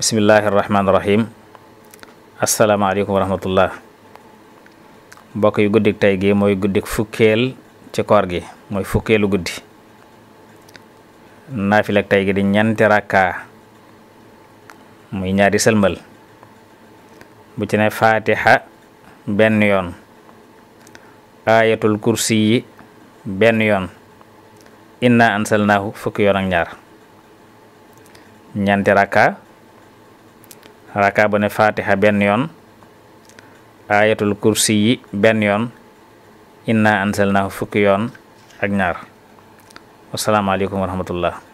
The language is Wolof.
bismillahi irrahmaani irahim asalaamaaleykum wa rahmatullah mbokk yu guddik tey gi mooy guddik fukkeel ci koor gi mooy fukkeelu guddi naafilak tey gi di ñanti rakka muy ñaari sëlmal bu ci ne fatiha benn yoon ayatul kursi yi benn yoon inna ansalnaahu fukki yoon ak ñaar ñanti rakka raka bu fatiha benn yoon ayatul kursi yi benn yoon inna ansalnaahu fukki yoon ak ñaar wasalaamaaleykum wa rahmatullah